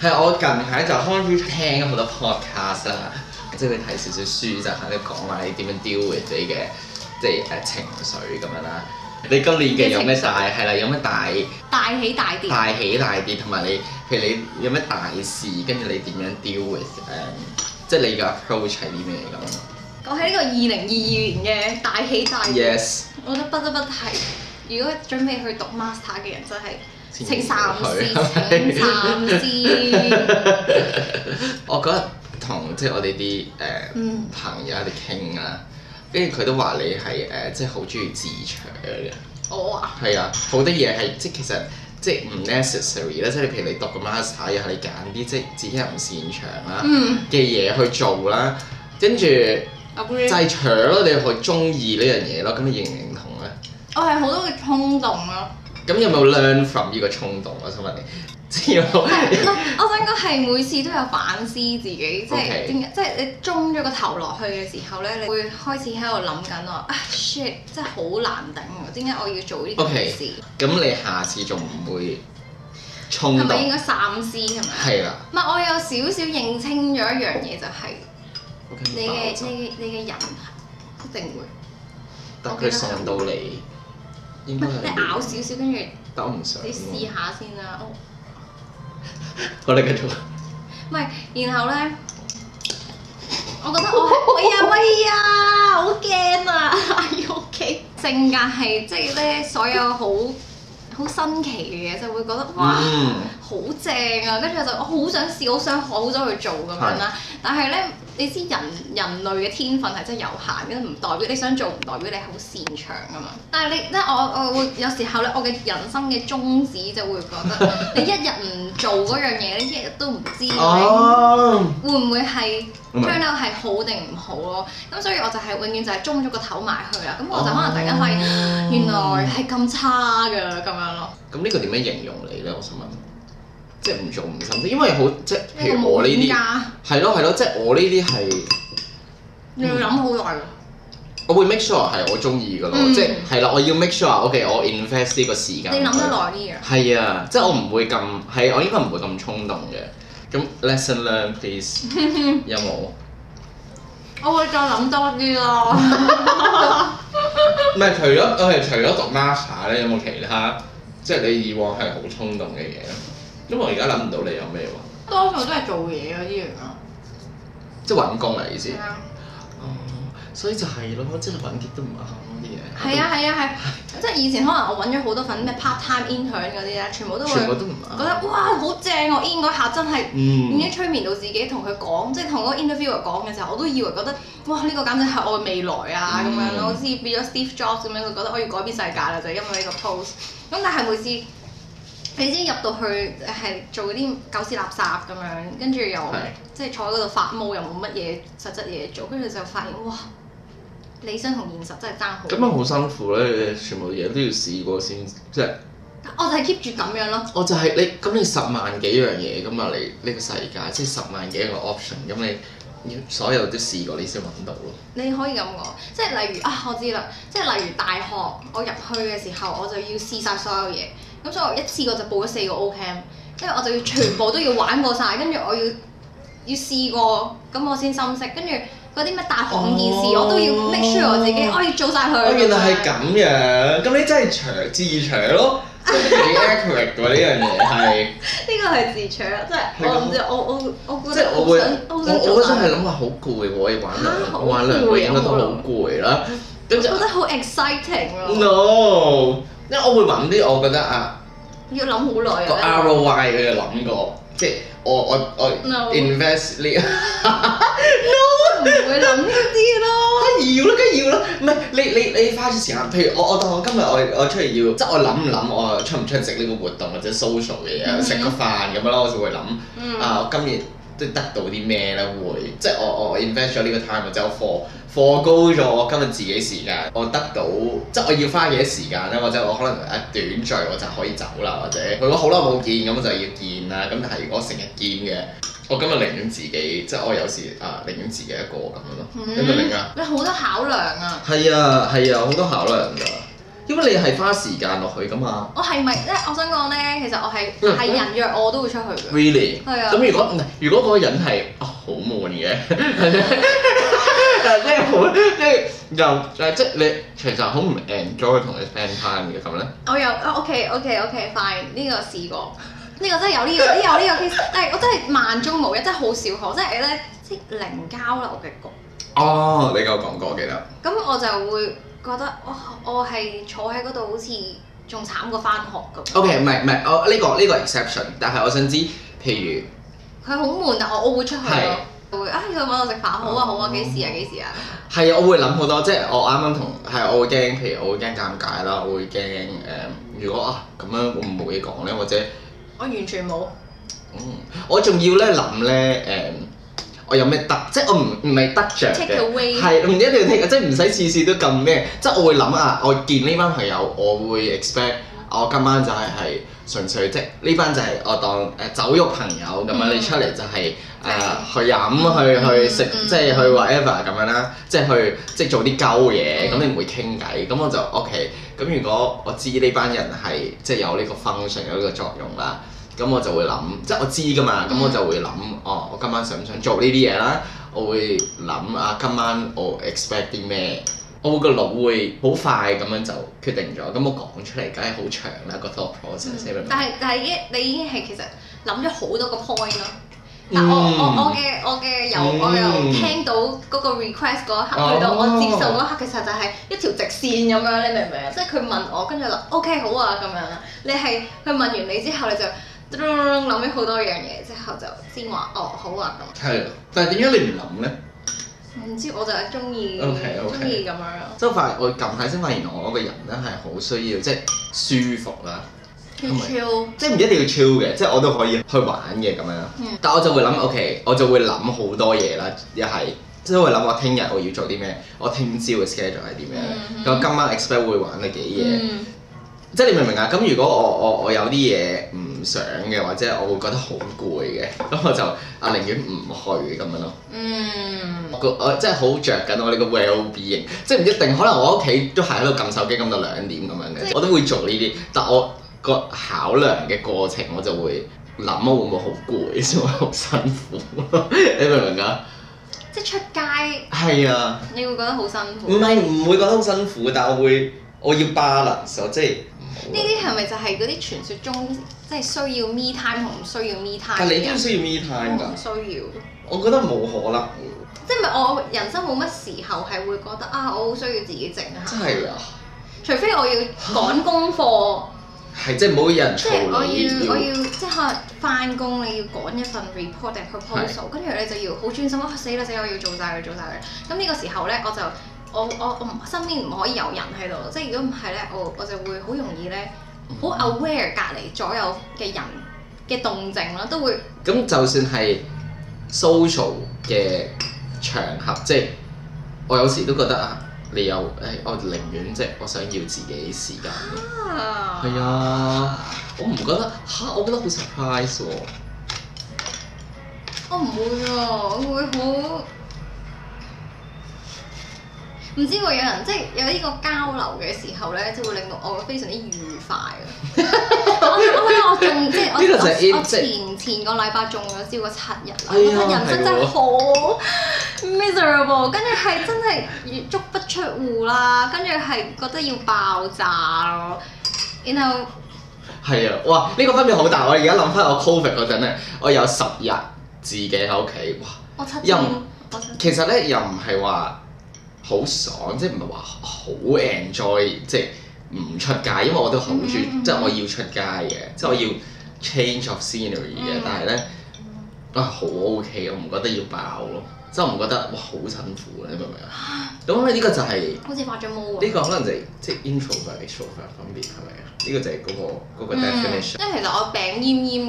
係我近排就開始聽好多 podcast 啦，即係會睇少少書，就喺度講話你點樣 deal with 自己嘅即係誒情緒咁樣啦。你今年嘅有咩大係啦情緒？有咩大大起大跌？大起大跌同埋你譬如你有咩大事，跟住你點樣 deal with 誒、呃？即係你嘅 approach 係啲咩咁樣？講起呢個二零二二年嘅大起大跌，yes，我覺得不得不提，如果準備去讀 master 嘅人真係。就係傾三支，傾三先，我嗰日同即係我哋啲誒朋友一啲傾啊。跟住佢都話你係誒即係好中意自搶嘅。我啊，係啊，好多嘢係即係其實即係唔 necessary 啦，即你譬如你讀個 master 又係你揀啲即係自己唔擅長啦嘅嘢去做啦，跟住就係搶咯，你去中意呢樣嘢咯。咁你認唔認同咧？我係好多嘅衝動咯、啊。咁有冇 learn from 呢個衝動我想問你，係、 嗯嗯，我想講係每次都有反思自己，就是、Okay. 即係點解，即係你中咗個頭落去嘅時候咧，你會開始喺度諗緊我啊、ah, shit，真係好難頂，點解我要做呢件事？咁 Okay.、嗯、你下次仲唔會衝動？係咪應該三思？係咪？係啦、啊。唔係，我有少少認清咗一樣嘢，就係你嘅你嘅人一定會，但係上到你。你咬少少，跟住你試下先啦。好，你繼續。唔係、嗯，然後咧， 我覺得我 喂啊喂啊，好驚啊！哎唷 OK 性格係即係咧，所有好。好新奇嘅嘢就會覺得哇好、mm. 正啊！跟住我就我好想試，好想好想去做咁樣啦。對但係咧，你知人人類嘅天分係真係有限，咁唔代表你想做，唔代表你好擅長㗎嘛。但係你即係我，我會有時候咧，我嘅人生嘅宗旨就會覺得你一日唔做嗰樣嘢咧， 你一日都唔知會唔會係。j o 係好定唔好咯？咁所以我就係永遠就係中咗個頭埋去啦。咁我就可能突然間發現，啊，原來係咁差嘅咁樣咯。咁呢個點樣形容你咧？我想問，即係唔做唔深，因為好即係譬如我呢啲係咯係咯，即係我呢啲係你要諗好耐咯。我會 make sure 係我中意嘅咯，嗯，即係係啦，我要 make sure OK，我 invest 呢個時間你。你諗得耐啲嘅。係啊，即係我唔會咁係，嗯，我應該唔會咁衝動嘅。咁 lesson learn please 有冇？我會再諗多啲咯。唔係除咗我係除咗讀 master 咧，有冇其他即係你以往係好衝動嘅嘢？因為我而家諗唔到你有咩喎。多數都係做嘢嗰啲嘢啊。即揾工嚟意思？哦係啊，uh, 所以就係咯，即係揾嘢都唔啱。係 啊係啊係、啊啊！即係以前可能我揾咗好多份咩 part time intern 嗰啲咧，全部都會覺得哇好正喎！in 嗰下真係已經催眠到自己，同佢講，即係同嗰個 interviewer 講嘅時候，我都以為覺得哇呢、這個簡直係我嘅未來啊咁樣咯，好似、嗯、變咗 Steve Jobs 咁樣，覺得我要改變世界啦就係、因為呢個 post。咁但係每次你知入到去係做嗰啲狗屎垃圾咁樣，跟住又即係、嗯、坐喺嗰度發夢，又冇乜嘢實質嘢做，跟住就發現哇～理想同現實真係爭好，咁樣好辛苦咧！你全部嘢都要試過先，即係我就係 keep 住咁樣咯。我就係、是、你咁，你十萬幾樣嘢咁啊！你呢個世界即係、就是、十萬幾個 option，咁你所有都試過你，你先揾到咯。你可以咁講，即係例如啊，我知啦，即係例如大學，我入去嘅時候我就要試晒所有嘢，咁所以我一次過就報咗四個 O Camp，即係我就要全部都要玩過晒。跟住 我要要試過，咁我先深識，跟住。啲咩大項件事，我都要 make sure 我自己可以做晒佢。哦，原來係咁樣，咁你真係長自長咯，幾 accurate 喎呢樣嘢係。呢個係自長，即係我諗住，我我我。即係我會，我我我想係諗下好攰，我可以玩我玩兩日，應該都好攰啦。覺得好 exciting 咯。No，因為我會搵啲，我覺得啊，要諗好耐。個 ROI，佢又諗過，即係。我我我 invest 呢啊？no 唔會諗呢啲咯。梗 要啦，梗要啦，唔係，你你你花咗時間，譬如我我當我今日我我出嚟要，即係我諗唔諗我出唔出食呢個活動或者 social 嘅嘢，食、mm hmm. 個飯咁樣咯，我就會諗啊、mm hmm. 呃、今年。即係得到啲咩咧？會即係我我我 invest 咗呢個 time 或者我課課高咗，我今日自己時間我得到即係我要花幾多時間咧？或者我可能啊短聚我就可以走啦，或者如果好耐冇見咁我就要見啦。咁但係如果成日見嘅，我今日寧願自己即係我有時啊寧願自己一個咁樣咯，嗯、你明唔明啊？你好多考量啊！係啊係啊，好多考量㗎。因為你係花時間落去㗎嘛，我係咪咧？我想講咧，其實我係係人約我都會出去嘅。Really？係啊。咁如果唔係，如果嗰個人係好、哦、悶嘅，即係好即係又即係你其實好唔 enjoy 同你 friend time 嘅咁咧。我有 OK OK OK fine 呢個試過，呢、這個真係有呢、這個這個有呢個 case，係、就是、我真係萬中無一，真係好少可，真係咧即零交流嘅局。哦，你有講過，記得。咁我就會。覺得哇、哦！我係坐喺嗰度，好似仲慘過翻學咁。O K，唔係唔係，我呢、哦這個呢、這個 exception，但係我想知，譬如佢好悶但我我會出去咯，是會啊去揾我食飯，好啊好啊，幾時啊幾時啊？係啊，我會諗好多，即係我啱啱同係，我會驚，譬如我會驚尷尬啦，我會驚誒、呃，如果啊咁樣會唔冇嘢講咧，或者我完全冇，嗯，我仲要咧諗咧誒。我有咩得？即係我唔唔係得著嘅，係唔一定要聽、oh.，即係唔使次次都咁咩？即係我會諗啊，我見呢班朋友，我會 expect，、oh. 我今晚就係係純粹即係呢班就係我當誒、呃、酒肉朋友咁樣，mm hmm. 你出嚟就係、是、誒、呃 mm hmm. 去飲去去食，即係、mm hmm. 去 whatever 咁樣啦，即係去即係做啲鳩嘢，咁你唔會傾偈，咁我就 OK。咁如果我知呢班人係即係有呢個 function 有呢個作用啦。咁我就會諗，即係我知噶嘛，咁、嗯、我就會諗，哦，我今晚想唔想做呢啲嘢啦？我會諗啊，今晚我 expect 啲咩？我個腦會好快咁樣就決定咗。咁我講出嚟梗係好長啦，個 topic，你明唔明？但係但係已你已經係其實諗咗好多個 point 咯。但我、嗯、我我嘅我嘅由、um, 我由聽到嗰個 request 嗰刻去到我接受嗰刻，其實就係一條直線咁樣，你明唔明？嗯嗯、即係佢問我，跟住就 O K 好啊咁樣。你係佢問完你之後，你就。諗起好多樣嘢之後就先話哦好玩咁。係，但係點解你唔諗咧？唔、嗯、知我就係中意，中意咁樣。即係發，我近排先發現，我，現我個人咧係好需要即係、就是、舒服啦，chill 息即係唔一定要超嘅，即係我都可以去玩嘅咁樣。嗯、但我就會諗，OK，我就會諗好多嘢啦，又係即係會諗我聽日我要做啲咩，我聽朝嘅 schedule 係點樣，咁、嗯、哼今晚 expect 會玩得幾夜。嗯即係你明唔明啊？咁如果我我我有啲嘢唔想嘅，或者我會覺得好攰嘅，咁我就啊寧願唔去咁樣咯。嗯。我覺我我個我即係好着緊我哋個 well-being，即係唔一定，可能我屋企都係喺度撳手機撳到兩點咁樣嘅，即我都會做呢啲，但我個考量嘅過程我就會諗會唔會好攰，會唔會好辛苦？ 你明唔明啊？即係出街。係啊。你會覺得好辛苦？唔係唔會覺得好辛苦，但係我會我要 balance 啦，即係。呢啲係咪就係嗰啲傳説中，即係需要 me time 同唔需要 me time？但係你都要需要 me time 㗎，唔需要。我覺得冇可能。即係咪我人生冇乜時候係會覺得啊，我好需要自己靜啊？下。真係是啊！除非我要趕功課。係、啊，即係冇人嘈你。即係我要，要，我要即係翻工，你要趕一份 report 定 proposal，跟住是你就要好專心。我、啊、死啦死啦，我要做晒佢，做晒佢。咁呢、啊這個時候咧，我就。我我我身邊唔可以有人喺度，即係如果唔係咧，我我就會好容易咧，好 aware 隔離左右嘅人嘅動靜啦。都會。咁 就算係 social 嘅場合，即係我有時都覺得啊，你有誒，我寧願即係我想要自己時間。係啊，啊，我唔覺得嚇、啊，我覺得好 surprise 喎。我唔會，我會好。唔知會有人即係有呢個交流嘅時候咧，就會令到我非常之愉快啊！ 我個我我仲即係是 我前我前前個禮拜中咗招個七日啊！我覺得人生真係好、哦、miserable，跟住係真係足不出戶啦，跟住係覺得要爆炸咯。然後係啊，哇！呢、這個分別好大。我而家諗翻我 covid 嗰陣咧，我有十日自己喺屋企，哇！我七日，其實咧又唔係話。好爽，即係唔係話好 enjoy，即係唔出街，因為我都好鍾意，嗯、即係我要出街嘅，嗯、即係我要 change of scenery s c e n e r y 嘅，但係咧、嗯、啊好 OK，我唔覺得要爆咯，即係我唔覺得哇好辛苦是是啊，你明唔明啊？咁、這、呢個就係、是、好似發咗毛喎。呢個可能就係、是、即係 int introvert 同 e t r o v e r t 分別係咪啊？呢、這個就係嗰、那個嗰、嗯、個 definition、嗯。即係其實我病奄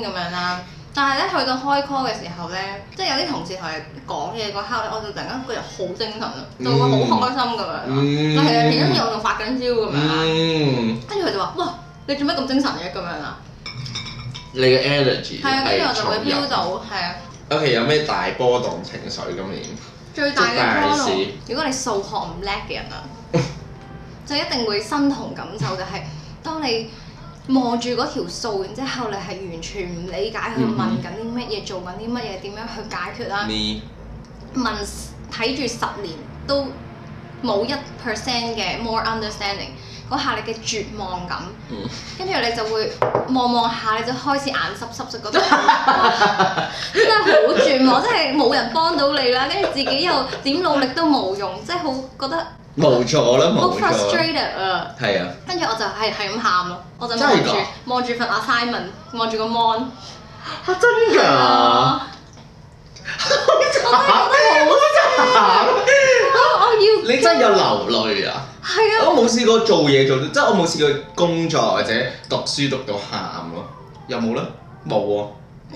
奄咁樣啦。但係咧，去到開 call 嘅時候咧，即係有啲同事係講嘢嗰刻咧，我就突然間個人好精神啊，就會好開心咁、嗯、樣。係啊、嗯，而跟住我仲發緊招咁樣。跟住佢就話，哇，你做咩咁精神嘅？咁樣啊？你嘅 energy 係啊。跟住我就會飆到，係啊人。的 o、okay, K，有咩大波動情緒？今年最大嘅波動。如果你數學唔叻嘅人啊， 就一定會身同感受、就係，就係當你。望住嗰條數，然之後你係完全唔理解佢問緊啲乜嘢，做緊啲乜嘢，點樣去解決啦？嗯、問睇住十年都冇一 percent 嘅 more understanding，嗰下你嘅絕望感，跟住、嗯、你就會望望下，你就開始眼濕濕、濕、濕，哇、就覺得真係好絕望，真係冇人幫到你啦，跟住自己又點努力都冇用，真係好覺得。冇錯，我咧冇錯。好 frustrated 啊！係啊！跟住我就係係咁喊咯，我就望住望住份 assignment，望住個 mon，嚇真㗎！好我要你真係有流淚啊！係啊！我冇試過做嘢做到，即係我冇試過工作或者讀書讀到喊咯，有冇咧？冇喎。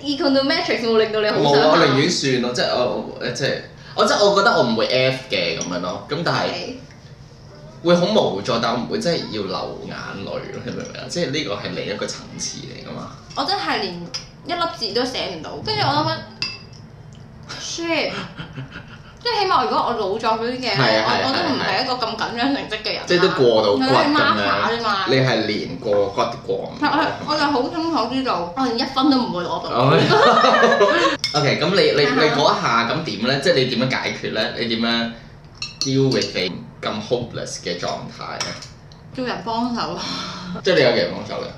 econometrics 令到你好想。冇啊，寧願算咯，即係我即係我即係我覺得我唔會 F 嘅咁樣咯，咁但係。會好無助，但我唔會真係要流眼淚咯，你明唔明啊？即係呢個係另一個層次嚟㗎嘛。我真係連一粒字都寫唔到，跟住我諗乜 shit？即係起碼如果我老咗嗰啲嘢， 我 我都唔係一個咁緊張成績嘅人。 即係都過到骨下咁嘛？Er、 你係連過骨過。其我 我就好清楚知道，我連一分都唔會攞到。OK，咁你你你嗰下咁點咧？即係你點樣解決咧？你點樣 deal with？ 咁 hopeless 嘅狀態啊！叫人幫手， 即係你有幾多人幫手咧？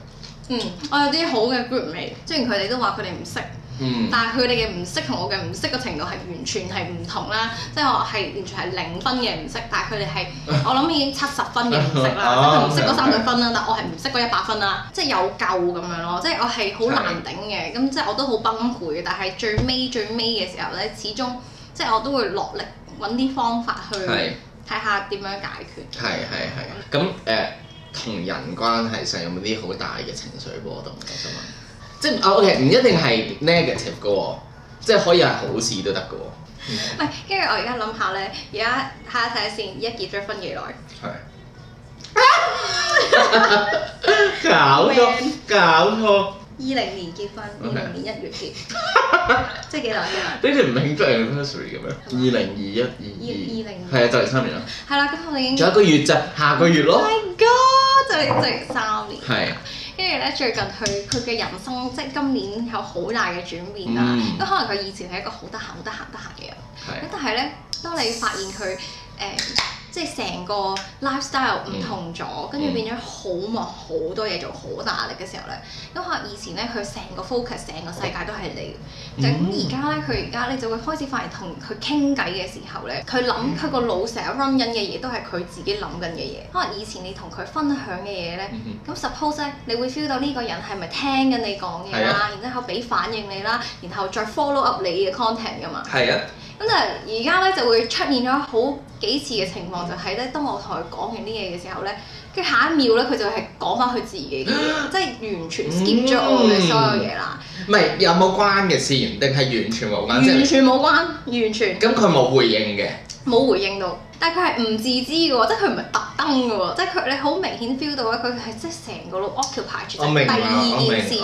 嗯，我有啲好嘅 group 嚟，雖然佢哋都話佢哋唔識，但係佢哋嘅唔識同我嘅唔識嘅程度係完全係唔同啦。即係我係完全係零分嘅唔識，但係佢哋係我諗已經七十分嘅唔識啦。佢唔識嗰三十分啦，但我係唔識嗰一百分啦。即係有夠咁樣咯，即係我係好難頂嘅，咁的即係我都好崩潰嘅。但係最尾最尾嘅時候咧，始終即係我都會落力揾啲方法去。的 睇下點樣解決？係係係。咁 誒，同、呃、人關係上有冇啲好大嘅情緒波動㗎？即係啊、哦，OK，唔一定係 negative 嘅喎、哦，即係可以係好事都得嘅喎。跟、嗯、住、哎、我而家諗下咧，而家睇下睇下先，而家結咗婚幾耐？係 When?。搞笑，搞笑。二零年結婚，二零年一月結，即係幾耐啊？呢啲唔慶祝 anniversary 嘅咩？二零二一二二零，係啊，就嚟三年啦。係啦，咁我哋已經仲有一個月啫，下個月咯。My God！就嚟就三年。係。跟住咧，最近佢佢嘅人生即係今年有好大嘅轉變啦。咁可能佢以前係一個好得閒、好得閒、得閒嘅人。咁但係咧，當你發現佢誒。即係、嗯、成個 lifestyle 唔同咗，跟住變咗好忙，好多嘢做，好大壓力嘅時候咧。咁可能以前咧，佢成個 focus，成個世界都係你。咁而家咧，佢而家咧就會開始發現同佢傾偈嘅時候咧，佢諗佢個腦成日 run 緊嘅嘢都係佢自己諗緊嘅嘢。可能以前你同佢分享嘅嘢咧，咁、嗯、suppose 咧，你會 feel 到呢個人係咪聽緊你講嘢啦，啊、然之後俾反應你啦，然後再 follow up 你嘅 content 噶嘛。係啊。咁但係而家咧就會出現咗好。幾次嘅情況就係咧，當我同佢講完啲嘢嘅時候咧，跟下一秒咧，佢就係講翻佢自己嘅嘢，啊、即係完全 skip 咗我嘅所有嘢啦。唔、嗯、係有冇關嘅事，定係完全冇關？完全冇關，完全，關完全。咁佢冇回應嘅，冇回應到。但佢係唔自知嘅喎，即係佢唔係特登嘅喎，即係佢你好明顯 feel 到咧，佢係即係成個 occupy 住第二件事，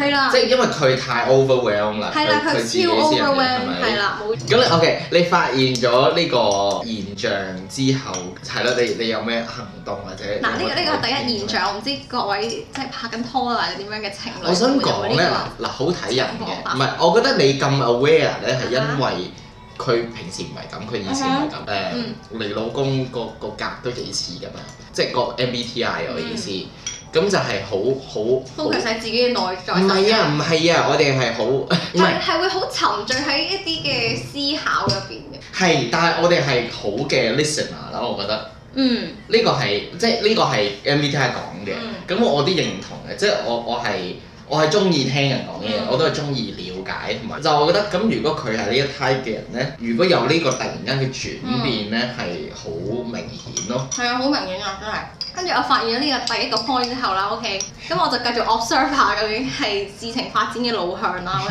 係啦，即係因為佢太 overwhelm 啦，係啦，佢超 overwhelm，係啦，冇錯，咁你 OK，你發現咗呢個現象之後，係啦，你你有咩行動或者嗱，呢個呢個係第一現象，我唔知各位即係拍緊拖或者點樣嘅情侶，我想講咧嗱，好睇人嘅，唔係，我覺得你咁 aware 咧係因為。佢平時唔係咁，佢以前係咁誒，你老公個個格都幾似㗎嘛，即係個 MBTI 我意思，咁、嗯、就係好好 focus 喺自己嘅內在。唔係啊，唔係啊，我哋係好唔係係會好沉醉喺一啲嘅思考入邊嘅。係、嗯，但係我哋係好嘅 listener 啦，我覺得。嗯。呢個係即係呢個係 MBTI 係講嘅，咁、嗯嗯、我啲認同嘅，即係我我係。我係中意聽人講嘢，嗯、我都係中意了解同埋就我覺得咁，如果佢係呢一 type 嘅人咧，如果有呢個突然間嘅轉變咧，係好、嗯、明顯咯。係啊，好明顯啊，真係。跟住我發現咗呢個第一個 point 之後啦，OK，咁我就繼續 observe 下究竟係事情發展嘅路向啦。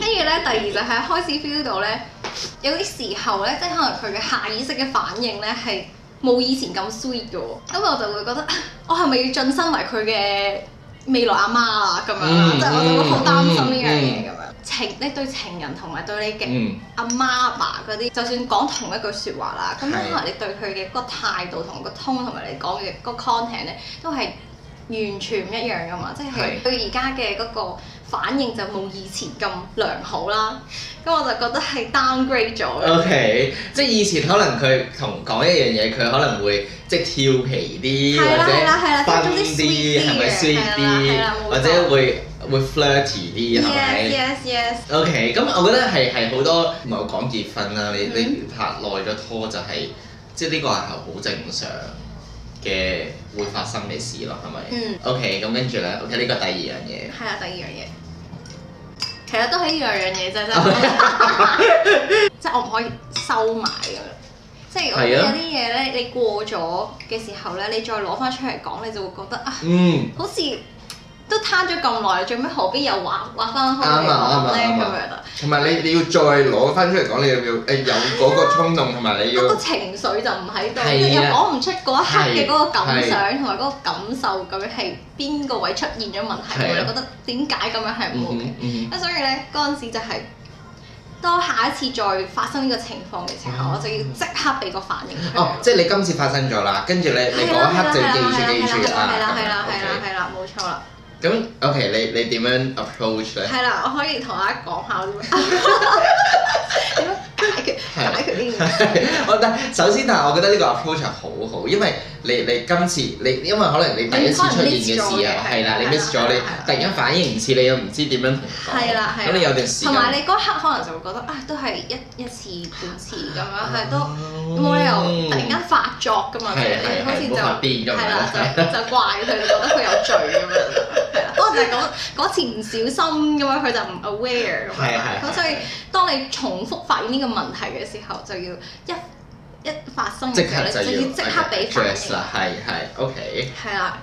跟住咧，第二就係開始 feel 到咧，有啲時候咧，即係可能佢嘅下意識嘅反應咧，係冇以前咁 sweet 嘅。咁我就會覺得，我係咪要進身為佢嘅？未來阿媽啊，咁樣啦，即係我就會好擔心呢樣嘢咁樣。嗯嗯嗯、情你對情人同埋對你嘅阿媽阿爸嗰啲，嗯、就算講同一句説話啦，咁可能你對佢嘅嗰個態度同個 tone，同埋你講嘅嗰 content 呢，都係完全唔一樣㗎嘛，即係佢而家嘅嗰個。反應就冇以前咁良好啦，咁我就覺得係 downgrade 咗。OK，即係以前可能佢同講一樣嘢，佢可能會即係調皮啲，或者 fun 啲，係咪 sweet 啲？係啦係啦，或者會會 flirty 啲，係咪？Yes yes OK，咁我覺得係係好多，唔係我講結婚啦，你你拍耐咗拖就係即係呢個係好正常。嘅會發生嘅事咯，係咪？嗯 okay。OK，咁跟住咧，OK 呢個第二樣嘢。係啊，第二樣嘢，其實都係一樣樣嘢啫，即係我唔可以收埋㗎喇，即係有啲嘢咧，你過咗嘅時候咧，你再攞翻出嚟講，你就會覺得啊，嗯，好似。都攤咗咁耐，做咩？何必又畫畫翻開咧？啱啊！啱 啊樂！啱啊！同埋你你要再攞翻出嚟講，你要唔有嗰個衝動同埋、 啊、你嗰個情緒就唔喺度，又講唔出嗰一刻嘅嗰個感想同埋嗰個感受咁樣，係邊個位出現咗問題？我吧 覺得點解咁樣係唔 OK？咁所以咧嗰陣時就係當下一次再發生呢個情況嘅時候， 我就要即刻俾個反應。哦，即係你今次發生咗啦，跟住你你嗰一刻就記住、啊啊啊啊、記住啊！係啦係啦係啦係啦，冇錯啦。咁 OK，你你點樣 approach 咧？係啦，我可以同大家講下點樣 解決 的解決呢個。我但首先，但係我覺得呢個 approach 好好，因為。你你今次你因為可能你第一次出現嘅時候係啦，你 miss 咗你突然間反應唔似你又唔知點樣同講，咁你有段時間同埋你嗰刻可能就會覺得啊都係一一次半次咁樣，係都冇理由突然間發作㗎嘛，好似就係啦，就就怪佢，覺得佢有罪咁樣，係啦，可能就係嗰次唔小心咁樣，佢就唔 aware 咁，咁所以當你重複發現呢個問題嘅時候，就要一。一發生嘅時候咧，就要即刻俾反應，係係，OK。係啦，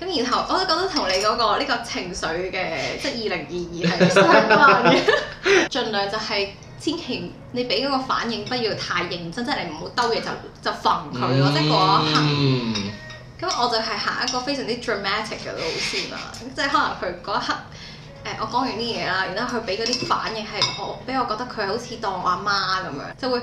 咁然後我都覺得同你嗰、那個呢、這個情緒嘅，即係二零二二係相關嘅。儘 量就係千祈你俾嗰個反應不要太認真，即係你唔好兜嘢就是、就防佢咯，即係嗰一刻。咁我就係行一個非常之 dramatic 嘅路線啦，即、就、係、是、可能佢嗰一刻，誒、哎、我講完啲嘢啦，然後佢俾嗰啲反應係我俾我覺得佢好似當我阿媽咁樣，就會。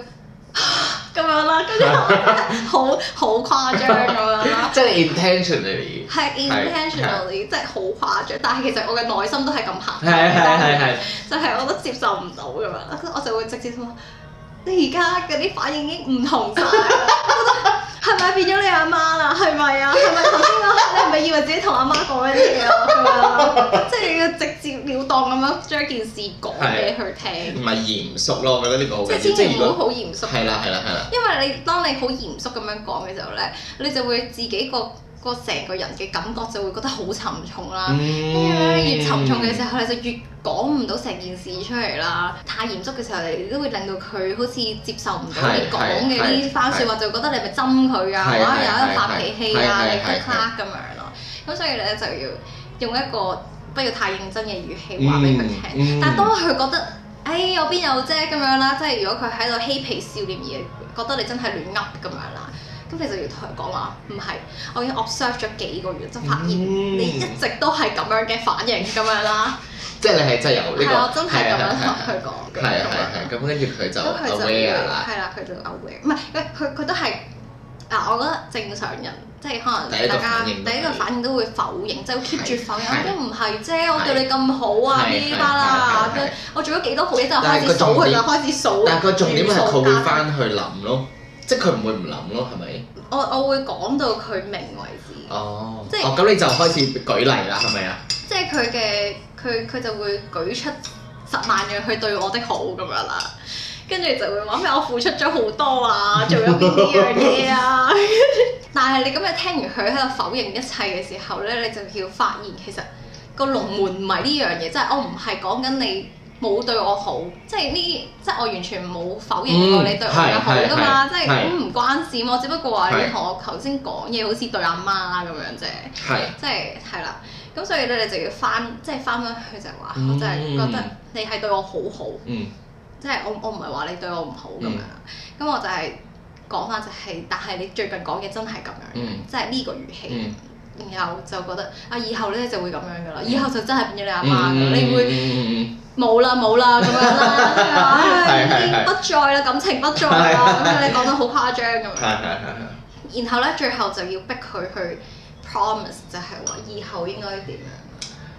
咁樣啦，跟住 好好誇張咁樣啦， 即係 int 是是 intentionally 係 intentionally，即係好誇張。是但係其實我嘅內心都係咁行，係係係，就係我都接受唔到咁樣，我就會直接話「你而家嗰啲反應已經唔同晒。」 咪變咗你阿媽啦，係咪啊？係咪頭先我你係咪以為自己同阿媽講緊啲嘢啊？ 即係你要直接了當咁樣將件事講俾佢聽，唔係嚴肅咯，我覺得呢個好即係千祈唔好好嚴肅。係啦係啦係啦。因為你當你好嚴肅咁樣講嘅時候咧，你就會自己個。個成個人嘅感覺就會覺得好沉重啦，咁樣、嗯、越沉重嘅時候咧就越講唔到成件事出嚟啦。太嚴肅嘅時候，你都會令到佢好似接受唔到你講嘅呢啲番説話，就覺得你係咪針佢啊？又喺度發脾氣說啊？你卡卡咁樣咯。咁所以咧就要用一個不要太認真嘅語氣話俾佢聽。嗯、但當佢覺得，哎，我邊有啫咁樣啦，即係如果佢喺度嬉皮笑臉而覺得你真係亂噏咁樣啦。咁你就要同佢講話，唔係，我已經 observe 咗幾個月，就發現你一直都係咁樣嘅反應咁樣啦。即係你係真係由呢個，我真係咁樣同佢講嘅，係係係係。係係係，咁跟住佢就。係啦，佢就 aware，唔係，佢佢都係。嗱，我覺得正常人即係可能大家第一個反應都會否認，即係 keep 住否認，都唔係啫。我對你咁好啊，呢巴啦我做咗幾多好嘢，就開始數佢就開始數。但個重點係回翻去諗咯。即係佢唔會唔諗咯，係咪？我我會講到佢明為止。哦，即係是哦，咁你就開始舉例啦，係咪啊？即係佢嘅佢佢就會舉出十萬樣佢對我的好咁樣啦，跟住就會話咩我付出咗好多啊，做咗邊啲樣嘢啊， 但係你咁樣聽完佢喺度否認一切嘅時候咧，你就要發現其實個龍門唔係呢樣嘢，即係我唔係講緊你。冇對我好，即係呢即係我完全冇否認過你對我嘅好噶嘛，嗯、即係咁唔關事嘛？對只不過你話你同我頭先講嘢好似對阿媽咁樣啫，對即係係啦。咁所以咧，你就要翻，即係翻翻去就話，嗯、我真係覺得你係對我好好，即係、嗯、我我唔係話你對我唔好咁樣。咁、嗯、我就係講翻就係、是，但係你最近講嘢真係咁樣，即係呢個語氣、嗯。然後就覺得啊，以後咧就會咁樣噶啦，以後就真係變咗你阿媽噶你會冇啦冇啦咁樣啦，愛已經不在啦，感情不在啦，你講得好誇張咁樣。是是是是，然後咧，最後就要逼佢去 promise，就係話以後應該點樣？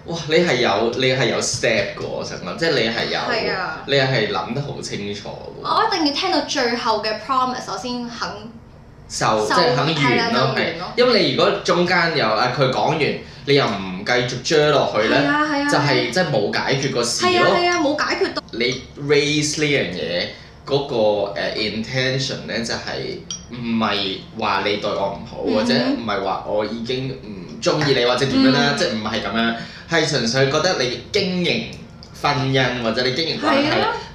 哇！你係有你係有 step 噶，我想諗，即係你係有，啊、你係諗得好清楚。我一定要聽到最後嘅 promise，我先肯。就即係肯完咯，係，因為你如果中間又誒佢講完，你又唔繼續追落去咧，就係即係冇解決個事咯。係啊係啊，冇解決到。你 raise 呢樣嘢嗰個 intention 咧，就係唔係話你對我唔好，或者唔係話我已經唔中意你或者點樣啦，即係唔係咁樣，係純粹覺得你經營婚姻或者你經營關係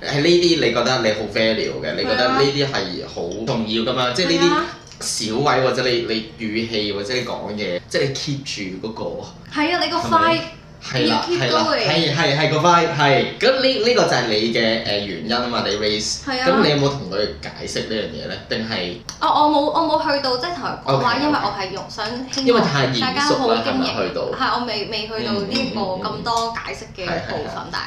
喺呢啲，你覺得你好 value 嘅，你覺得呢啲係好重要噶嘛，即係呢啲。小位或者你你語氣或者你講嘢，即係你 keep 住嗰個。係啊，你個快。係啦係啦。係係係，個快係咁，呢呢個就係你嘅誒原因啊嘛，你 raise。係啊。咁你有冇同佢解釋呢樣嘢咧？定係？哦，我冇我冇去到即係同佢講話，因為我係用想輕鬆，因為太大嚴肅啦。去到。係我未未去到呢個咁多解釋嘅部分，但係。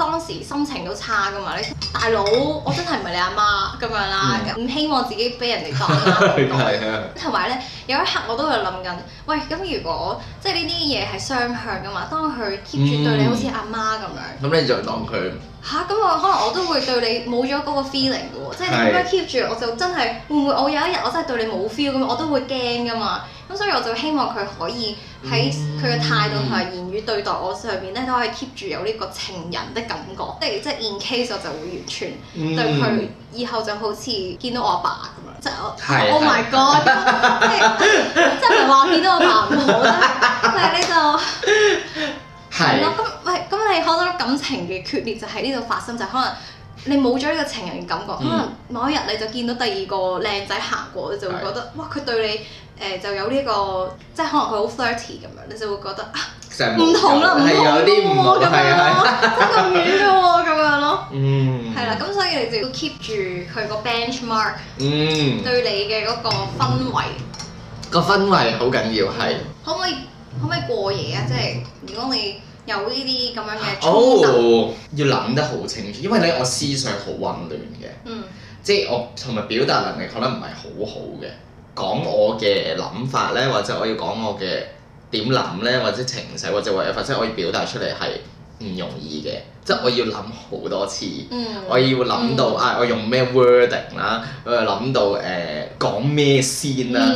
當時心情都差㗎嘛，你大佬我真係唔係你阿媽咁樣啦，唔、嗯、希望自己俾人哋當啦，同埋咧有一刻我都係諗緊，喂咁如果即係呢啲嘢係雙向㗎嘛，當佢 keep 住對你好似阿媽咁樣，咁你就當佢。嚇咁、啊、我可能我都會對你冇咗嗰個 feeling 嘅喎、哦，即係點樣 keep 住，我就真係會唔會我有一日我真係對你冇 feel 咁，我都會驚嘅嘛。咁所以我就希望佢可以喺佢嘅態度同埋言語對待我上面，咧，都可以 keep 住有呢個情人的感覺。即係即係 in case 我就會完全對佢以後就好似見到我阿爸咁樣，即係 oh my god，即係即係唔係話見到我阿爸唔好啦，但係你就。係咯，咁喂，咁你可能感情嘅決裂就喺呢度發生，就可能你冇咗呢個情人嘅感覺，可能某一日你就見到第二個靚仔行過，你就會覺得哇，佢對你誒就有呢個，即係可能佢好 thirty 咁樣，你就會覺得啊，唔同啦，唔同啦，咁遠嘅喎，咁樣咯，嗯，係啦，咁所以你就要 keep 住佢個 benchmark，嗯，對你嘅嗰個氛圍，個氛圍好緊要係，可唔可以？可唔可以過夜啊？即係如果你有呢啲咁樣嘅哦，oh，要諗得好清楚，因為咧我思想好混亂嘅，嗯，即係我同埋表達能力可能唔係好好嘅，講我嘅諗法咧，或者我要講我嘅點諗咧，或者情緒或者或者啲，即係我要表達出嚟係唔容易嘅。即係我要諗好多次，我要諗到啊，我用咩 wording 啦，我要諗到誒講咩先啦，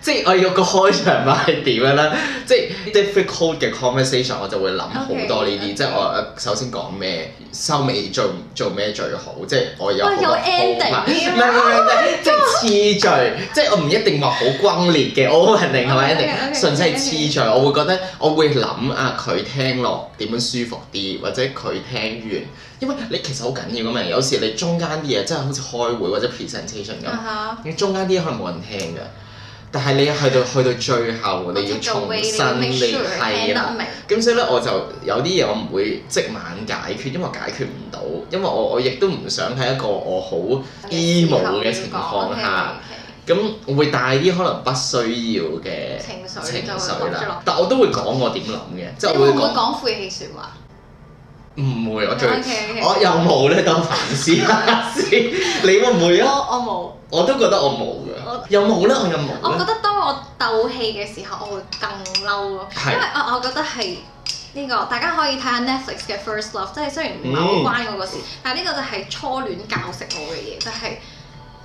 即係我要個開場白係點樣咧？即係 difficult 嘅 conversation 我就會諗好多呢啲，即係我首先講咩，收尾做做咩最好？即係我有好多鋪排，唔係唔係唔係即係次序，即係我唔一定話好轟烈嘅 opening 係咪一定純粹係次序？我會覺得我會諗啊，佢聽落點樣舒服啲，或者佢。聽完，因為你其實好緊要嘅嘛，有時你中間啲嘢真係好似開會或者 presentation 咁，你中間啲可能冇人聽㗎。但係你去到去到最後，你要重新聯繫啦。咁所以咧，我就有啲嘢我唔會即晚解決，因為解決唔到，因為我我亦都唔想喺一個我好 emo 嘅情況下，咁會帶啲可能不需要嘅情緒啦。但我都會講我點諗嘅，即係我會講。會講晦氣説話？唔會，我最 okay, okay，我又冇咧當凡事。 你會唔會啊？我冇，我都覺得我冇㗎，我又有冇咧？我有冇？我覺得當我鬥氣嘅時候，我會更嬲咯，是因為我我覺得係呢、呢個，大家可以睇下 Netflix 嘅 First Love，即係雖然唔係好關我個事，嗯、但呢個就係初戀教識我嘅嘢，就係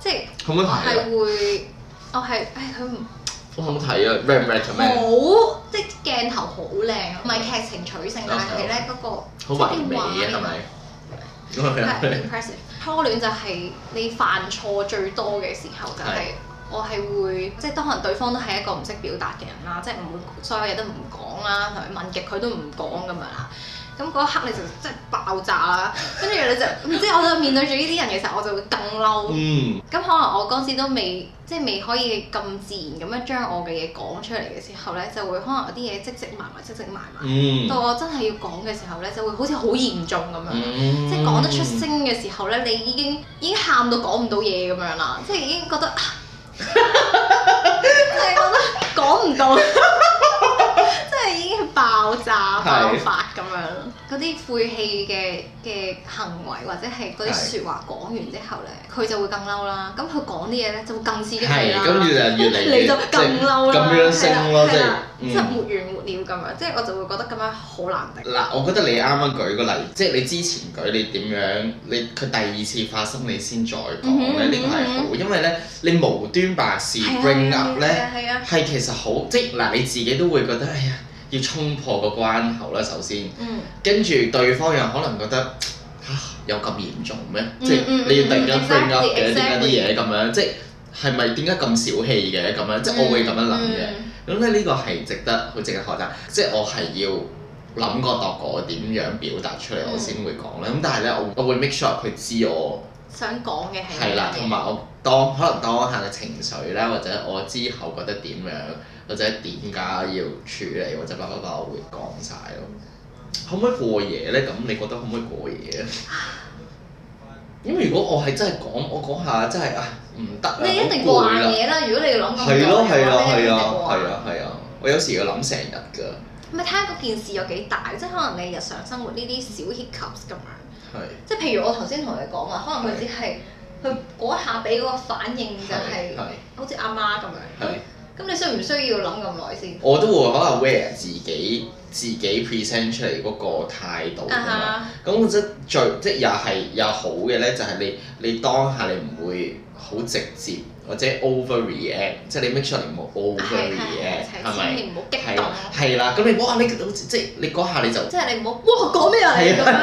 即係我係會，嗎會，我係唉佢唔。哎好好睇啊？Rap RAP，好，即係鏡頭好靚，唔係劇情取勝，但係咧嗰個好唯美啊，Impressive 初戀就係你犯錯最多嘅時候就是是，就係我係會即係當可能對方都係一個唔識表達嘅人啦，即係唔會所有嘢都唔講啦，同佢問極佢都唔講咁樣啦。咁嗰一刻你就即係爆炸啦，跟住你就唔知 我就面對住呢啲人嘅時候，我就會更嬲。嗯，咁可能我嗰時都未即係、就是、未可以咁自然咁樣將我嘅嘢講出嚟嘅時候咧，就會可能有啲嘢積積埋埋，積積埋埋，到我真係要講嘅時候咧，就會好似好嚴重咁樣，嗯、即係講得出聲嘅時候咧，你已經已經喊到講唔到嘢咁樣啦，即係已經覺得，即係覺得講唔到，即 係 已經爆炸爆發咁樣。嗰啲晦氣嘅嘅行為或者係嗰啲説話講完之後咧，佢是 就會更嬲啦。咁佢講啲嘢咧就會更刺激你啦。係，跟住就越嚟你就更嬲啦，係啦，係啦，即係沒完沒了咁樣。即、就、係、是、我就會覺得咁樣好難頂。嗱，我覺得你啱啱舉個例，即、就、係、是、你之前舉你點樣，你佢第二次發生你先再講咧，呢、 嗯、個係好，因為咧你無端白事 ring up 咧、啊，係其實好，即係嗱 你自己都會覺得哎呀。要衝破個關口啦。首先，嗯、跟住對方又可能覺得嚇有咁嚴重咩？嗯嗯即係你要突然間 frame up 嘅，點解啲嘢咁樣，嗯嗯、即係咪點解咁小氣嘅咁樣？嗯、即係我會咁樣諗嘅。咁咧呢個係值得好值得學習，即係我係要諗過、嗯、度我點樣表達出嚟，嗯、我先會講咧。咁但係咧，我我會 make sure 佢知我想講嘅係。係啦，同埋我當可能當下嘅情緒咧，或者我之後覺得點樣。或者點解要處理，或者乜乜乜，我會講晒咯。可唔可以過夜咧？咁你覺得可唔可以過夜啊？咁 如果我係真係講，我講下真係啊，唔得、啊、攰、你一定過夜、啊、啦！如果你諗咁多嘅話咧，你一定過啊！係啊係啊，啊，啊，啊，啊，啊，我有時要諗成日㗎。咪睇下嗰件事有幾大，即係可能你日常生活呢啲小 hiccups 咁樣。係是。即係譬如我頭先同你講話，可能佢只係佢嗰下俾嗰個反應就係、是，好似阿媽咁樣。係是。咁你需唔需要諗咁耐先？我都會可能 wear 自己自己 present 出嚟嗰個態度啊嘛。咁我覺得、uh huh. 最即又係又好嘅咧，就係、是、你你當下你唔會。好直接或者 overreact，即係你 make sure 你唔好 overreact，係咪？你唔好激動。係啦，咁你冇啊！你即係你嗰下你就即係你唔好哇講咩嚟啊？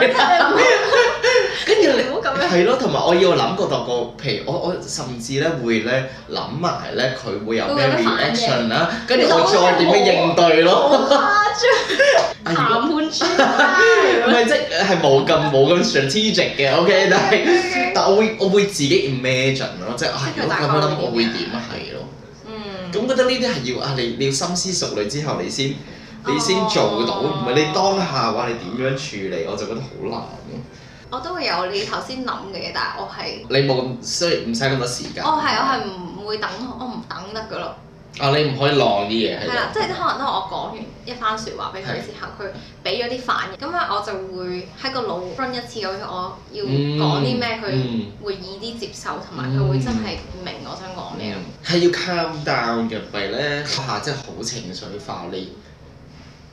跟住你唔好咁樣。係咯，同埋我要諗過度個，譬如我我甚至咧會咧諗埋咧佢會有咩 reaction 啦，跟住我再點樣應對咯。誇張，談判專家。唔係即係冇咁冇咁 strategic 嘅，OK？但係但係我會我會自己 imagine 咯。即係，我咁樣諗，我會點啊？係咯。嗯。咁覺得呢啲係要啊，你你要深思熟慮之後，你先，你先做到。唔係、哦、你當下話你點樣處理，我就覺得好難咯。我都會有你頭先諗嘅嘢，但係我係你冇，咁，所以唔使咁多時間。哦，係，我係唔會等，我唔等得㗎咯。啊！你唔可以浪啲嘢。係啦、 嗯啊，即係可能都係我講完一番説話俾佢之後，佢俾咗啲反應，咁樣我就會喺個腦 run 一次，我我要講啲咩？佢、嗯、會易啲接受，同埋佢會真係明我想講咩？係、嗯嗯嗯嗯、 要 calm down 嘅，唔係咧下下即係好情緒化，你。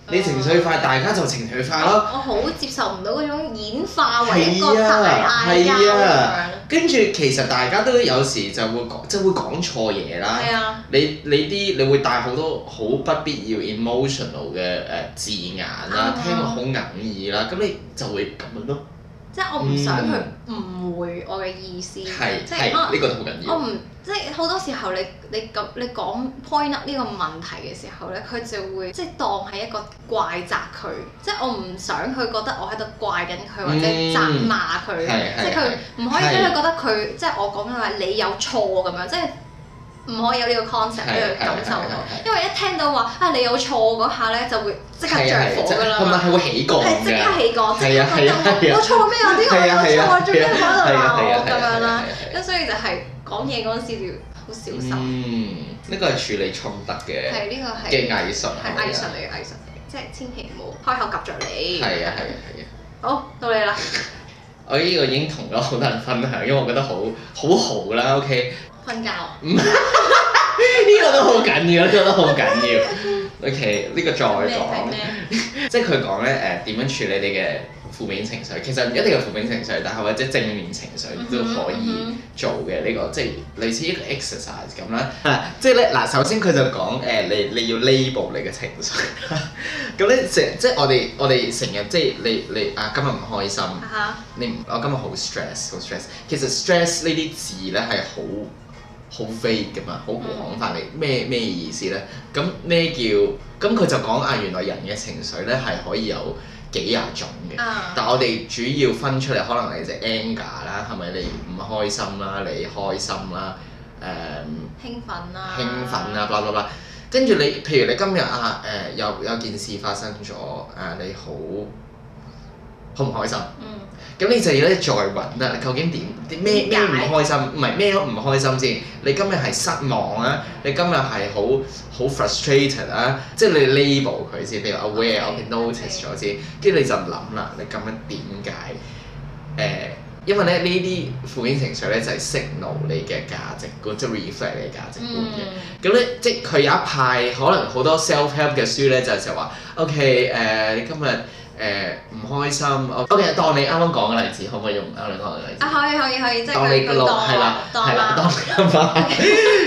你情緒化，大家就情緒化咯。我好接受唔到嗰種演化為一個、啊啊、跟住其實大家都有時就會講，即係會講錯嘢啦。啊、你你啲你會帶好多好不必要 emotional 嘅誒字眼啦，啊、聽落好哽耳啦，咁你就會咁樣咯。即係我唔想佢誤會我嘅意思，嗯、即係可能呢個好緊要。即係好多時候，你你咁你講 point up 呢個問題嘅時候咧，佢就會即係當係一個怪責佢，即係我唔想佢覺得我喺度怪緊佢或者責罵佢，即係佢唔可以俾佢覺得佢即係我講嘅話你有錯咁樣，即係唔可以有呢個 concept 俾佢感受到。因為一聽到話啊你有錯嗰下咧就會即刻着火㗎啦，係咪會起戇？係即刻起戇，即刻心諗我錯咩啊？啲我錯啊！做咩喺度鬧我咁樣啦？咁所以就係。講嘢嗰陣時要好小心。嗯，呢個係處理衝突嘅嘅藝術，係藝術嚟嘅藝術，即係千祈唔好開口夾著你。係啊係啊係啊！啊啊好到你啦。 我呢個已經同咗好多人分享，因為我覺得好好好啦。O K。瞓覺。唔，呢個都好緊要，呢個都好緊要。O K，呢個再 講，即係佢講咧誒點樣處理你嘅。負面情緒其實唔一定有負面情緒，但係或者正面情緒都可以做嘅呢、mm hmm, mm hmm. 這個，即係類似一個 exercise 咁啦。即係咧嗱，首先佢就講誒、呃，你你要 label 你嘅情緒。咁咧成即係我哋我哋成日即係你你，你啊，今日唔開心。Uh huh. 你我今日好 stress 好 stress。其實 stress 呢啲字咧係好好 vague 㗎嘛，好廣泛。你咩咩意思咧？咁咩叫咁佢就講啊？原來人嘅情緒咧係可以有。幾廿種嘅，嗯、但係我哋主要分出嚟，可能係只 anger 啦、嗯，係咪你唔開心啦、啊，你開心啦、啊，誒、嗯，興奮啦、啊，興奮啦，blah blah blah，跟住你，譬如你今日啊，誒、呃、有有件事發生咗，誒、啊、你好，好唔開心。嗯。咁你就要咧再揾啦，究竟點啲咩咩唔開心？唔係咩都唔開心先。你今日係失望啊？你今日係好好 frustrated 啊？即係你 label 佢先，你 aware，你 Okay, notice 咗先，跟住 okay. 你就諗啦，你咁樣點解？誒、呃，因為咧呢啲負面情緒咧就係、是、signal 你嘅價值、就是、值觀、嗯，即係 reflect 你嘅價值觀嘅。咁咧即係佢有一派可能好多 self help 嘅書咧就係就話，OK，誒、呃，你今日。誒，唔開心，OK 當你啱啱講嘅例子，可唔可以用我你講嘅例子？啊，可以可以可以，即係當當媽。係啦係啦，當媽。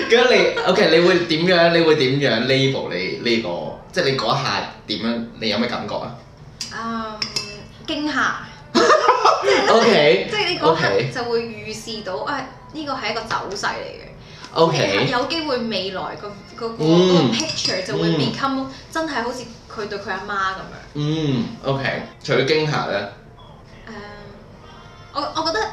咁你 OK，你會點樣？你會點樣 label 你呢個？即係你嗰下點樣？你有咩感覺啊？啊！驚嚇。OK。即係你覺得就會預示到，誒，呢個係一個走勢嚟嘅。OK。有機會未來個個個 picture 就會 become 真係好似。佢對佢阿媽咁樣。嗯、mm，OK。除咗驚嚇咧。誒、uh，我我覺得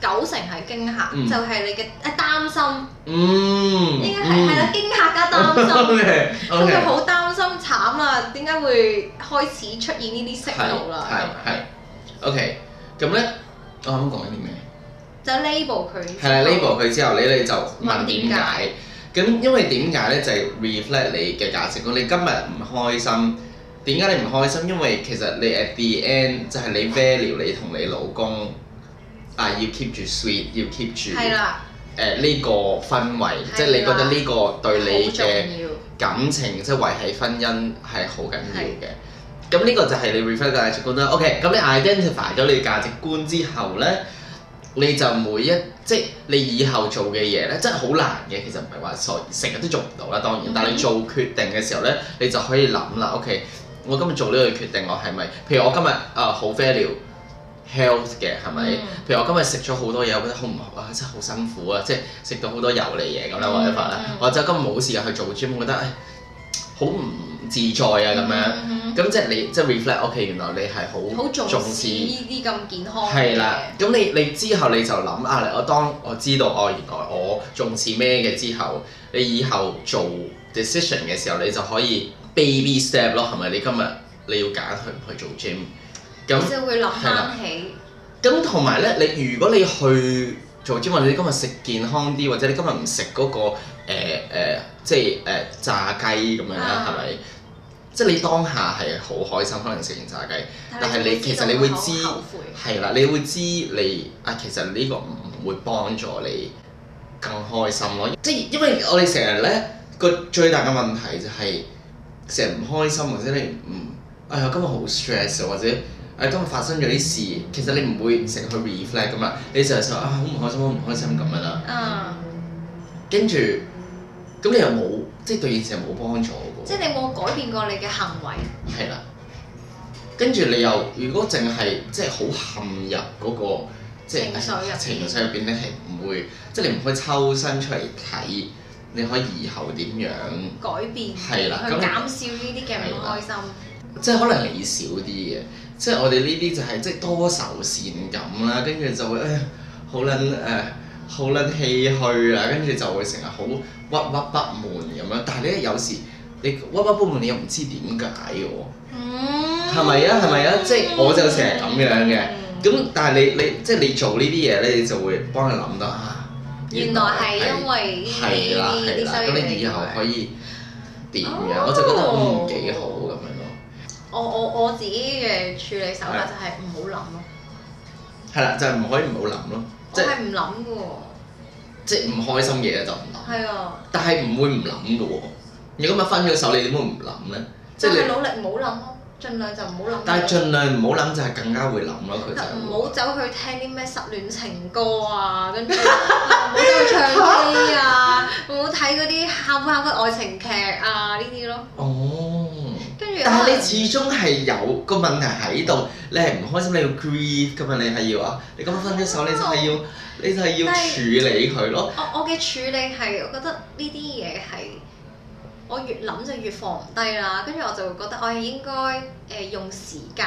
九成係驚嚇，mm. 就係你嘅誒擔心。嗯。Mm. 應該係係啦，mm. 驚嚇加擔心。O K。佢好擔心慘，慘啦！點解會開始出現呢啲色路啦？係係。O K，咁咧，我啱啱講緊啲咩？就 label 佢。係啦，label 佢之後，你哋就問點解？咁、嗯、因為點解咧？就係、是、reflect 你嘅價值觀。你今日唔開心，點解你唔開心？因為其實你 at the end 就係你 value 你同你老公啊，要 keep 住 sweet，要 keep 住呢的、呃這個氛圍。的即係你覺得呢個對你嘅感情，即係維係婚姻係好緊要嘅。咁呢的個就係你 reflect 嘅價值觀啦。OK，咁你 identify 咗你嘅價值觀之後咧，你就每一。即係你以後做嘅嘢咧，真係好難嘅。其實唔係話所成日都做唔到啦，當然。但係你做決定嘅時候咧，你就可以諗啦。OK，我今日做呢個決定，我係咪？譬如我今日啊好 value health 嘅，係咪？嗯、譬如我今日食咗好多嘢，我覺得好唔好啊，真係好辛苦啊！即係食到好多油膩嘢咁咧，或者話咧，或者今日冇時間去做 gym，我覺得誒好唔～自在啊咁樣，咁即係你即係 reflect。O.K. 原來你係好重視呢啲咁健康嘅。係啦，咁你你之後你就諗啊，我當我知道哦，原來我重視咩嘅之後，你以後做 decision 嘅時候，你就可以 baby step 咯，係咪？你今日你要揀去唔去做 gym，咁就係會諗起。咁同埋咧，你如果你去做 gym 或者你今日食健康啲，或者你今日唔食嗰個誒即係誒炸雞咁樣啦，係咪？即係你當下係好開心，可能食完炸雞，但係你其實你會知係啦，你會知你啊，其實呢個唔會幫助你更開心咯。即係因為我哋成日咧個最大嘅問題就係成日唔開心，或者你唔，哎呀今日好 stress，或者啊今日發生咗啲事，其實你唔會成日去 reflect 噶嘛，你成日就啊好唔開心，好唔開心咁樣啦。跟住咁你又冇即係對件事冇幫助。即係你冇改變過你嘅行為，係啦。跟住你又如果淨係即係好陷入嗰、那個即係、就是、情緒入情緒入邊咧，係、就、唔、是、會即係你唔可以抽身出嚟睇，你可以以後點樣改變，了去減少呢啲嘅唔開心。即係、就是、可能你少啲嘅，即、就、係、是、我哋呢啲就係即係多愁善感啦。跟住就會誒好撚誒好撚氣虛啊，跟住就會成日好鬱鬱不滿咁樣。但係你有時。你屈鬱不滿，你又唔知點解嘅喎，嗯，係咪啊？係咪啊？即係我就成日咁樣嘅，咁、嗯、但係你你即係你做呢啲嘢咧，你就會幫佢諗到。啊。原來係因為呢啲咁，你以後可以點樣？哦、我就覺得幾好咁樣咯。我我我自己嘅處理手法就係唔好諗咯。係啦，就係唔可以唔好諗咯。即係唔諗嘅喎。即係唔開心嘅嘢就唔諗。係啊的。但係唔會唔諗嘅喎。你今日分咗手，你點會唔諗咧？即係努力唔好諗咯，儘量就唔好諗。但係儘量唔好諗就係、是、更加會諗咯，佢、嗯、就。唔好走去聽啲咩失戀情歌啊，跟住唔好走去唱 K 啊，唔好睇嗰啲慘不慘嘅愛情劇啊呢啲咯。哦。跟住後。但係你始終係有個問題喺度，你係唔開心，你要 grieve 噶嘛？你係要啊？你咁樣分咗手，你就係要，你，、啊、你就係要，是要處理佢咯。我我嘅處理係，我覺得呢啲嘢係。我越諗就越放唔低啦，跟住我就覺得我係應該誒、呃、用時間，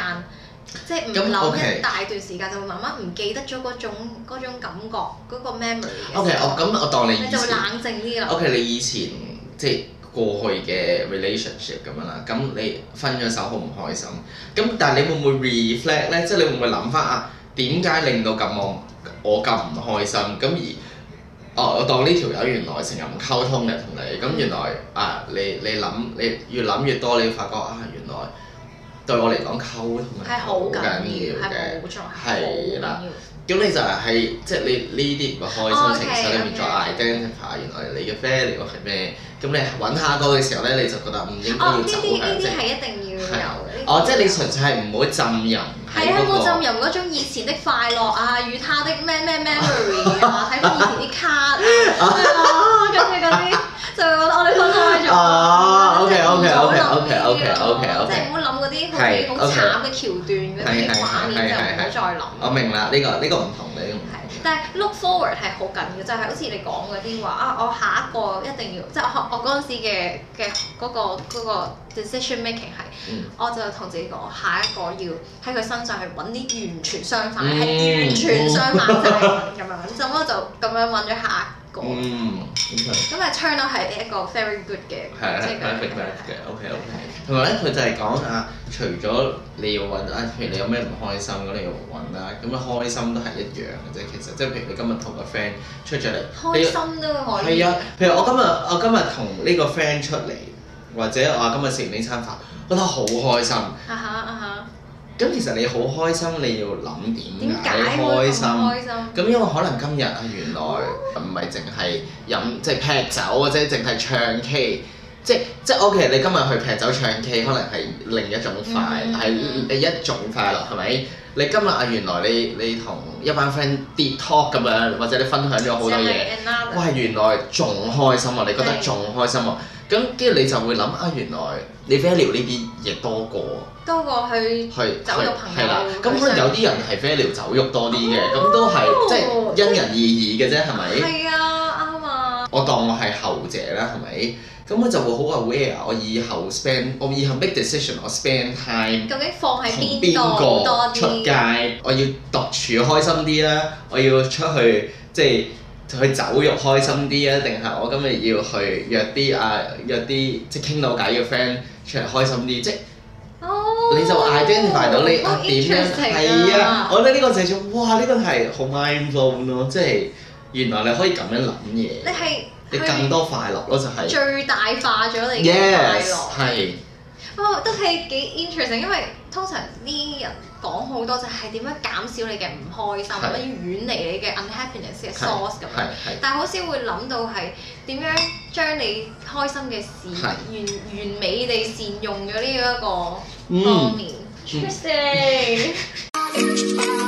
即係唔諗一大段時間 okay, 就會慢慢唔記得咗嗰種嗰種感覺嗰、嗰個 memory 嘅 okay,。O K，我咁我當你以前，你就會冷靜啲啦。O、okay, K，你以前即係過去嘅 relationship 咁樣啦，咁你分咗手好唔開心，咁但係你會唔會 reflect 咧？即、就、係、是、你會唔會諗翻啊？點解令到咁我我咁唔開心？咁而哦，我當呢條友原來成日唔溝通嘅，同你咁原來啊，你你諗，你越諗越多，你會發覺啊，原來對我嚟講溝通係好緊要嘅，係啦。的咁你就係即係你呢啲唔開心情緒裏 Okay, 面再 identify 原來你嘅 value 係咩？咁你揾下歌嘅時候咧，你就覺得唔應該要、oh, 走嗰個。哦，呢啲係一定要有。是些哦，即係你純粹係唔好浸淫、那個。係啊，冇浸淫嗰種以前的快樂啊，與他的咩咩 memory 啊，係以前啲卡。a 咁你咁樣。啊 啊就我我哋講到咪仲多咯，即係唔好諗嗰啲，即係唔好諗嗰啲好好慘嘅橋段嗰啲畫面就唔好再諗。我明啦，呢個呢個唔同嘅問題。但係 look forward 係好緊要，就係好似你講嗰啲話啊，我下一個一定要，即係我我嗰時嘅嘅嗰個個 decision making 係，我就同自己講下一個要喺佢身上去揾啲完全相反、係完全相反嘅人咁樣，咁我就咁樣揾咗下。嗯，咁啊 channel 係一個 very good 嘅，即係 perfect 嘅，OK OK 的。同埋咧，佢就係講啊，除咗你要揾啊，譬如你有咩唔開心咁，你要揾啦。咁啊，開心都係一樣嘅啫，其實，即係譬如你今日同個 friend 出咗嚟，你開心都可以，我係啊。譬如我今日我今日同呢個 friend 出嚟，或者我今日食完呢餐飯，覺得好開心。啊哈啊哈！啊哈咁其實你好開心，你要諗點解？你開心，咁因為可能今日啊，原來唔係淨係飲，嗯、即係劈酒或者淨係唱 K，即係即係 O.K. 你今日去劈酒唱 K，可能係另一種快，係、嗯嗯、一種快樂，係咪？你今日啊，原來你你同一班 friend 啲 talk 咁樣，或者你分享咗好多嘢，喂是，原來仲開心啊，你覺得仲開心啊？對 咁跟住你就會諗啊，原來你 fail 呢啲嘢多過多過去走肉朋友。係啦，咁可能有啲人係 fail 走肉多啲嘅，咁、oh, 都係即係因人而異嘅啫，係咪即？係吧啊，啱啊。我當我係後者啦，係咪？咁我就會好 aware 我以後 spend，我以後 make decision，我 spend time 究竟放喺邊個同邊個出街，我要獨處開心啲啦，我要出去即係。就去走肉開心啲啊，定係我今日要去約啲啊約啲即係傾到偈嘅 friend 出嚟開心啲，即哦，oh, 你就 identify 到你、oh, 啊點有樣係啊！我覺得呢個就係哇，呢、呢個係好 mindful 咯、啊，即係原來你可以咁樣諗嘢。你係是你更多快樂咯，就係、是、最大化咗你 y 快樂。係、yes, 是是哦，都係幾 interesting，因為通常呢啲人～講好多就係點樣減少你嘅唔開心，或者是遠離你嘅 unhappiness 嘅 source 咁是樣，是但係好少會諗到係點樣將你開心嘅事完是完美地善用咗呢一個方面。Interesting。